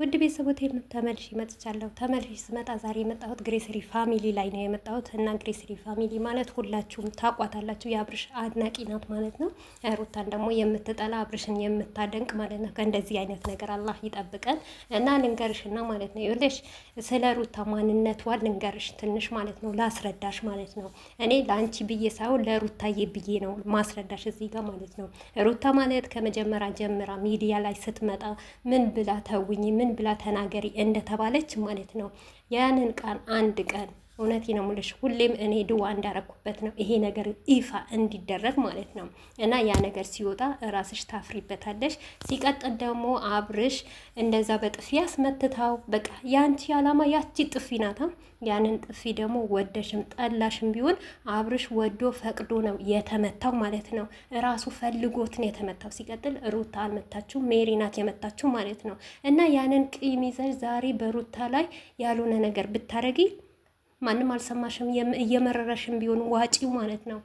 ውድ ቤተሰቦች ተመልሽ መጥቻለሁ። ተመልሽ ስመጣ ዛሬ የመጣሁት ግሬስሪ ፋሚሊ ላይ ነው የመጣሁት እና ግሬስሪ ፋሚሊ ማለት ሁላችሁም ታቋታላችሁ የአብርሽ አድናቂ ናት ማለት ነው። ሩታን ደግሞ የምትጠላ አብርሽን የምታደንቅ ማለት ነው። ከእንደዚህ አይነት ነገር አላህ ይጠብቀን እና ልንገርሽና ማለት ነው ይኸውልሽ፣ ስለ ሩታ ማንነቷ ልንገርሽ ትንሽ ማለት ነው ላስረዳሽ ማለት ነው። እኔ ለአንቺ ብዬ ሳይሆን ለሩታዬ ብዬ ነው ማስረዳሽ እዚህ ጋር ማለት ነው። ሩታ ማለት ከመጀመሪያ ጀምራ ሚዲያ ላይ ስትመጣ ምን ብላ ተውኝ ምን ምን ብላ ተናገሪ እንደተባለች ማለት ነው። ያንን ቃል አንድ ቀን እውነቴ ነው የምልሽ። ሁሌም እኔ ድዋ እንዳረኩበት ነው ይሄ ነገር ይፋ እንዲደረግ ማለት ነው። እና ያ ነገር ሲወጣ ራስሽ ታፍሪበታለሽ። ሲቀጥል ደግሞ አብርሽ እንደዛ በጥፊ ያስመትታው። በቃ የአንቺ አላማ ያቺ ጥፊ ናታ። ያንን ጥፊ ደግሞ ወደሽም ጠላሽም ቢሆን አብርሽ ወዶ ፈቅዶ ነው የተመታው ማለት ነው። ራሱ ፈልጎት ነው የተመታው። ሲቀጥል ሩታ አልመታችሁ፣ ሜሪ ናት የመታችሁ ማለት ነው። እና ያንን ቂም ይዘሽ ዛሬ በሩታ ላይ ያልሆነ ነገር ብታረጊ ማንም አልሰማሽም፣ እየመረረሽም ቢሆን ዋጪው ማለት ነው።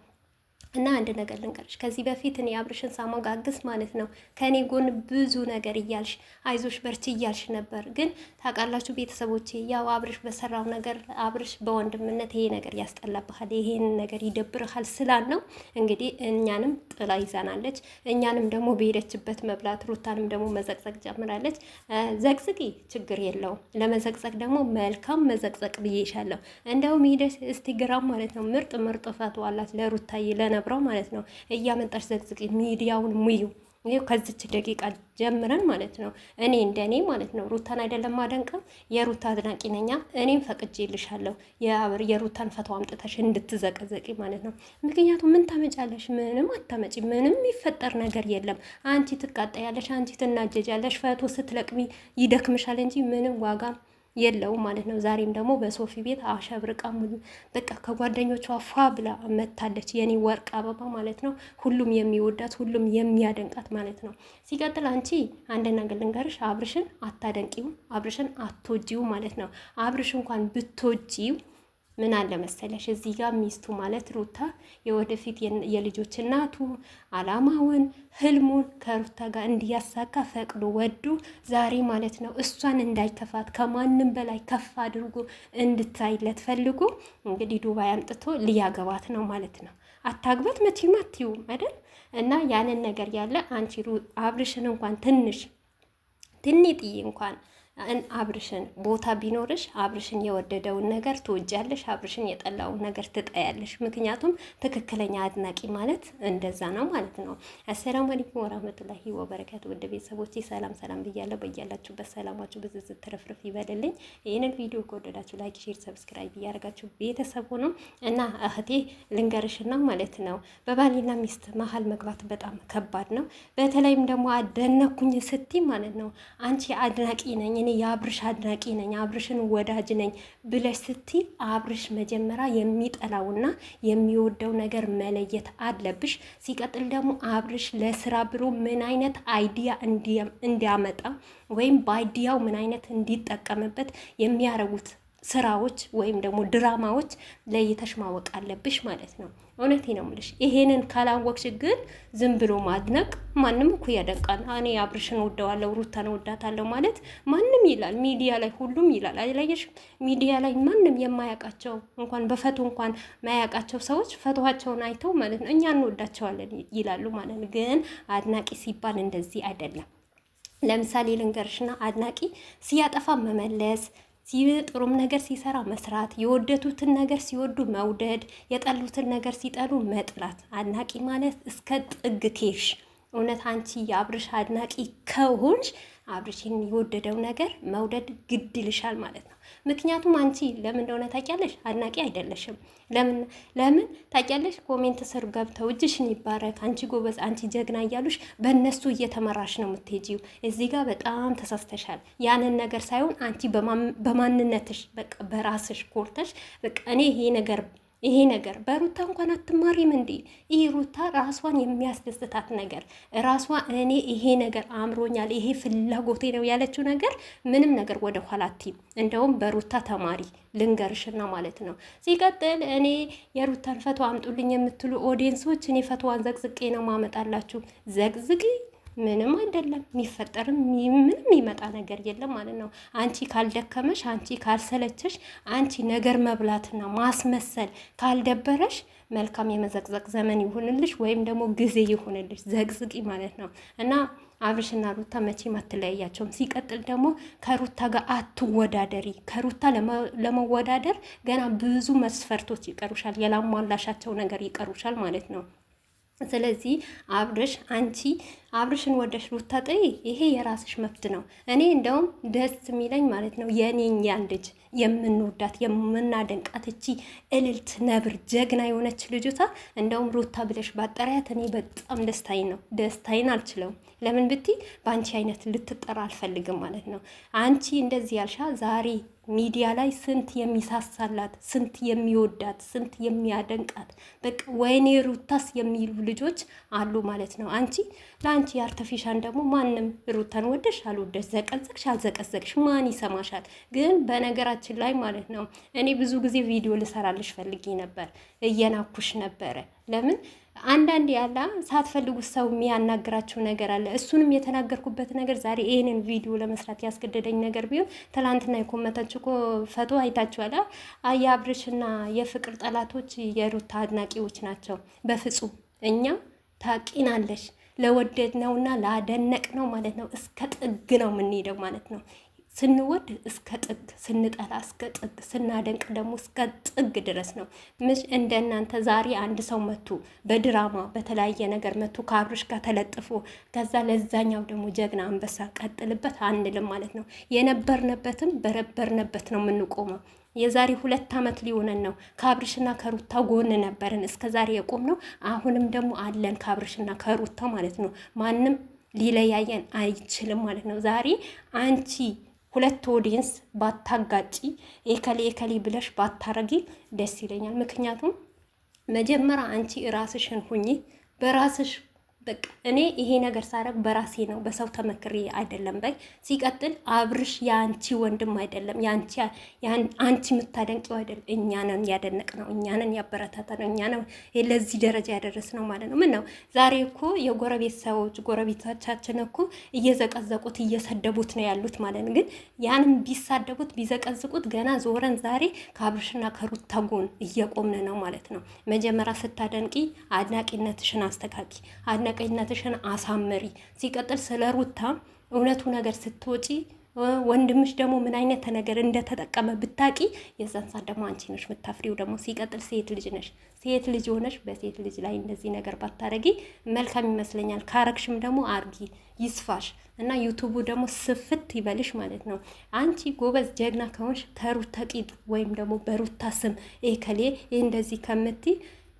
እና አንድ ነገር ልንቀርሽ፣ ከዚህ በፊት እኔ አብርሽን ሳሞጋግስ ማለት ነው ከእኔ ጎን ብዙ ነገር እያልሽ አይዞሽ በርቺ እያልሽ ነበር። ግን ታውቃላችሁ ቤተሰቦቼ፣ ያው አብርሽ በሰራው ነገር አብርሽ በወንድምነት ይሄ ነገር ያስጠላብሃል፣ ይሄን ነገር ይደብርሃል ስላል ነው እንግዲህ እኛንም ጥላ ይዘናለች፣ እኛንም ደግሞ በሄደችበት መብላት፣ ሩታንም ደግሞ መዘቅዘቅ ጀምራለች። ዘቅዝቂ፣ ችግር የለውም ለመዘቅዘቅ ደግሞ መልካም መዘቅዘቅ ብዬሻለሁ። እንደውም እስቲ ግራም ማለት ነው ምርጥ ምርጥ ፈቶ አላት ለሩታዬ ለነ የምነግረው ማለት ነው። እያመጣሽ ዘግዝቂ ሚዲያውን ሙዩ ከዚች ደቂቃ ጀምረን ማለት ነው። እኔ እንደኔ ማለት ነው ሩታን አይደለም ማደንቀም የሩታ አድናቂ ነኛ። እኔም የአብር የሩታን ፈቶ አምጥተሽ እንድትዘቀዘቂ ማለት ነው። ምክንያቱም ምን ታመጫለሽ? ምንም አታመጪ። ምንም የሚፈጠር ነገር የለም። አንቺ ትቃጠያለሽ፣ አንቺ ትናጀጃለሽ። ፈቶ ስትለቅሚ ይደክምሻል እንጂ ምንም ዋጋ የለው ማለት ነው። ዛሬም ደግሞ በሶፊ ቤት አሸብርቃ በቃ ከጓደኞቿ ፏ ብላ መታለች። የኔ ወርቅ አበባ ማለት ነው። ሁሉም የሚወዳት ሁሉም የሚያደንቃት ማለት ነው። ሲቀጥል አንቺ አንድ ነገር ልንገርሽ፣ አብርሽን አታደንቂው፣ አብርሽን አትወጂው ማለት ነው። አብርሽ እንኳን ብትወጂው ምን አለ መሰለሽ እዚህ ጋር ሚስቱ ማለት ሩታ የወደፊት የልጆች እናቱ አላማውን ህልሙን ከሩታ ጋር እንዲያሳካ ፈቅዶ ወዱ ዛሬ ማለት ነው እሷን እንዳይከፋት ከማንም በላይ ከፍ አድርጎ እንድታይለት ፈልጎ እንግዲህ ዱባይ አምጥቶ ሊያገባት ነው ማለት ነው። አታግባት መቼም አትይውም አይደል? እና ያንን ነገር ያለ አንቺ አብርሽን እንኳን ትንሽ ትንጥይ እንኳን አብርሽን ቦታ ቢኖርሽ አብርሽን የወደደውን ነገር ትወጃለሽ፣ አብርሽን የጠላውን ነገር ትጠያለሽ። ምክንያቱም ትክክለኛ አድናቂ ማለት እንደዛ ነው ማለት ነው። አሰላሙ አለይኩም ወራህመቱላሂ ወበረካቱ። ወደ ቤተሰቦች ሰላም ሰላም ብያለሁ። በያላችሁበት ሰላማችሁ ብዙ ስትረፍርፍ ይበልልኝ። ይህንን ቪዲዮ ከወደዳችሁ ላይክ፣ ሼር፣ ሰብስክራይብ እያደረጋችሁ ቤተሰቡ ነው እና እህቴ ልንገርሽና ማለት ነው በባልና ሚስት መሀል መግባት በጣም ከባድ ነው። በተለይም ደግሞ አደነኩኝ ስቲ ማለት ነው አንቺ አድናቂ ነኝ እኔ የአብርሽ አድናቂ ነኝ፣ አብርሽን ወዳጅ ነኝ ብለሽ ስቲ አብርሽ መጀመሪያ የሚጠላውና የሚወደው ነገር መለየት አለብሽ። ሲቀጥል ደግሞ አብርሽ ለስራ ብሎ ምን አይነት አይዲያ እንዲያመጣ ወይም በአይዲያው ምን አይነት እንዲጠቀምበት የሚያረጉት ስራዎች ወይም ደግሞ ድራማዎች ለይተሽ ማወቅ አለብሽ ማለት ነው። እውነቴ ነው የምልሽ። ይሄንን ካላወቅሽ ግን ዝም ብሎ ማድነቅ ማንም እኮ ያደንቃል። እኔ አብርሽን ወደዋለሁ፣ ሩታን ወዳታለሁ ማለት ማንም ይላል፣ ሚዲያ ላይ ሁሉም ይላል። አይለየሽ ሚዲያ ላይ ማንም የማያውቃቸው እንኳን በፈቶ እንኳን ማያውቃቸው ሰዎች ፈቶቸውን አይተው ማለት ነው እኛ እንወዳቸዋለን ይላሉ ማለት ነው። ግን አድናቂ ሲባል እንደዚህ አይደለም። ለምሳሌ ልንገርሽና አድናቂ ሲያጠፋ መመለስ ጥሩም ነገር ሲሰራ መስራት፣ የወደዱትን ነገር ሲወዱ መውደድ፣ የጠሉትን ነገር ሲጠሉ መጥላት። አድናቂ ማለት እስከ ጥግ ኬሽ። እውነት አንቺ የአብርሽ አድናቂ ከሆንሽ አብርሽን የወደደው ነገር መውደድ ግድ ይልሻል ማለት ነው። ምክንያቱም አንቺ ለምን እንደሆነ ታውቂያለሽ፣ አድናቂ አይደለሽም። ለምን ለምን ታውቂያለሽ? ኮሜንት ስር ገብተው እጅሽን ይባረክ፣ አንቺ ጎበዝ፣ አንቺ ጀግና እያሉሽ በእነሱ እየተመራሽ ነው የምትሄጂው። እዚህ ጋር በጣም ተሳስተሻል። ያንን ነገር ሳይሆን አንቺ በማንነትሽ በራስሽ ኮርተሽ በቃ እኔ ይሄ ነገር ይሄ ነገር በሩታ እንኳን አትማሪም እንዴ? ይህ ሩታ ራሷን የሚያስደስታት ነገር ራሷ እኔ ይሄ ነገር አምሮኛል፣ ይሄ ፍላጎቴ ነው ያለችው ነገር ምንም ነገር ወደ ኋላ አትይም። እንደውም በሩታ ተማሪ ልንገርሽና ማለት ነው። ሲቀጥል እኔ የሩታን ፈቶ አምጡልኝ የምትሉ ኦዲየንሶች እኔ ፈቶዋን ዘቅዝቄ ነው ማመጣላችሁ። ዘቅዝቂ ምንም አይደለም። የሚፈጠርም ምንም ይመጣ ነገር የለም ማለት ነው። አንቺ ካልደከመሽ፣ አንቺ ካልሰለቸሽ፣ አንቺ ነገር መብላትና ማስመሰል ካልደበረሽ መልካም የመዘቅዘቅ ዘመን ይሁንልሽ፣ ወይም ደግሞ ጊዜ ይሁንልሽ። ዘቅዝቂ ማለት ነው እና አብርሽና ሩታ መቼም አትለያያቸውም። ሲቀጥል ደግሞ ከሩታ ጋር አትወዳደሪ። ከሩታ ለመወዳደር ገና ብዙ መስፈርቶች ይቀሩሻል፣ የላሟላሻቸው ነገር ይቀሩሻል ማለት ነው። ስለዚህ አብርሽ አንቺ አብርሽን ወደሽ ብታጠይ ይሄ የራስሽ መብት ነው። እኔ እንደውም ደስ የሚለኝ ማለት ነው የኔኛን ልጅ የምንወዳት የምናደንቃት እቺ እልልት ነብር ጀግና የሆነች ልጆታ እንደውም ሩታ ብለሽ ባጠሪያት እኔ በጣም ደስታዬን ነው ደስታይን አልችለውም። ለምን ብቲ በአንቺ አይነት ልትጠራ አልፈልግም ማለት ነው። አንቺ እንደዚህ ያልሻ ዛሬ ሚዲያ ላይ ስንት የሚሳሳላት ስንት የሚወዳት ስንት የሚያደንቃት በቃ ወይኔ ሩታስ የሚሉ ልጆች አሉ ማለት ነው። አንቺ አንቺ የአርተፊሻን ደግሞ ማንም ሩታን ወደሽ አልወደሽ ዘቀዘቅሽ አልዘቀዘቅሽ ማን ይሰማሻል? ግን በነገራችን ላይ ማለት ነው እኔ ብዙ ጊዜ ቪዲዮ ልሰራልሽ ፈልጌ ነበር፣ እየናኩሽ ነበረ። ለምን አንዳንድ ያላ ሳትፈልጉት ሰው የሚያናግራቸው ነገር አለ። እሱንም የተናገርኩበት ነገር ዛሬ ይህንን ቪዲዮ ለመስራት ያስገደደኝ ነገር ቢሆን ትላንትና የኮመታችሁ እኮ ፈቶ አይታችኋል። የአብርሽና የፍቅር ጠላቶች የሩታ አድናቂዎች ናቸው። በፍጹም እኛ ታቂናለሽ ለወደድ ነውና ላደነቅ ነው ማለት ነው። እስከ ጥግ ነው የምንሄደው ማለት ነው። ስንወድ እስከ ጥግ፣ ስንጠላ እስከ ጥግ፣ ስናደንቅ ደግሞ እስከ ጥግ ድረስ ነው። ምሽ እንደ እናንተ ዛሬ አንድ ሰው መቱ በድራማ በተለያየ ነገር መቱ ከአብርሽ ጋር ተለጥፎ ከዛ ለዛኛው ደግሞ ጀግና አንበሳ ቀጥልበት አንልም ማለት ነው። የነበርንበትም በረበርንበት ነው የምንቆመው። የዛሬ ሁለት ዓመት ሊሆነን ነው። ከአብርሽና ከሩታ ጎን ነበርን እስከ ዛሬ የቆም ነው። አሁንም ደግሞ አለን ከአብርሽና ከሩታ ማለት ነው። ማንም ሊለያየን አይችልም ማለት ነው። ዛሬ አንቺ ሁለት ኦዲየንስ ባታጋጪ ኤከሌ ኤከሌ ብለሽ ባታረጊ ደስ ይለኛል። ምክንያቱም መጀመሪያ አንቺ ራስሽን ሁኚ በራስሽ በቃ እኔ ይሄ ነገር ሳረግ በራሴ ነው በሰው ተመክሬ አይደለም። በይ ሲቀጥል አብርሽ የአንቺ ወንድም አይደለም፣ አንቺ የምታደንቂው አይደለም። እኛ ነን ያደነቅ ነው፣ እኛ ነን ያበረታታ ነው፣ እኛ ነው ለዚህ ደረጃ ያደረስ ነው ማለት ነው። ምን ነው ዛሬ እኮ የጎረቤት ሰዎች ጎረቤቶቻችን እኮ እየዘቀዘቁት እየሰደቡት ነው ያሉት ማለት ነው። ግን ያንም ቢሳደቡት ቢዘቀዝቁት ገና ዞረን ዛሬ ከአብርሽና ከሩታ ጎን እየቆምን ነው ማለት ነው። መጀመሪያ ስታደንቂ አድናቂነትሽን አስተካኪ አለቀኝነትሽን አሳምሪ። ሲቀጥል ስለ ሩታ እውነቱ ነገር ስትወጪ ወንድምሽ ደግሞ ምን አይነት ነገር እንደተጠቀመ ብታቂ፣ የዛን ሰዓት ደግሞ አንቺ ነሽ ምታፍሪው። ደግሞ ሲቀጥል ሴት ልጅ ነሽ። ሴት ልጅ ሆነሽ በሴት ልጅ ላይ እንደዚህ ነገር ባታረጊ መልካም ይመስለኛል። ካረግሽም ደግሞ አርጊ፣ ይስፋሽ እና ዩቱቡ ደግሞ ስፍት ይበልሽ ማለት ነው። አንቺ ጎበዝ ጀግና ከሆንሽ ከሩታ ቂጥ ወይም ደግሞ በሩታ ስም ይሄ ከሌ ይህ እንደዚህ ከምትይ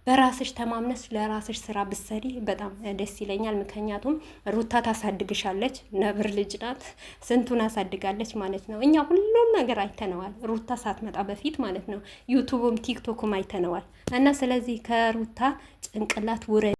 በራስሽ ተማምነሽ ለራስሽ ስራ ብሰሪ በጣም ደስ ይለኛል። ምክንያቱም ሩታ ታሳድግሻለች፣ ነብር ልጅ ናት፣ ስንቱን አሳድጋለች ማለት ነው። እኛ ሁሉም ነገር አይተነዋል፣ ሩታ ሳትመጣ በፊት ማለት ነው። ዩቱብም ቲክቶክም አይተነዋል። እና ስለዚህ ከሩታ ጭንቅላት ውረ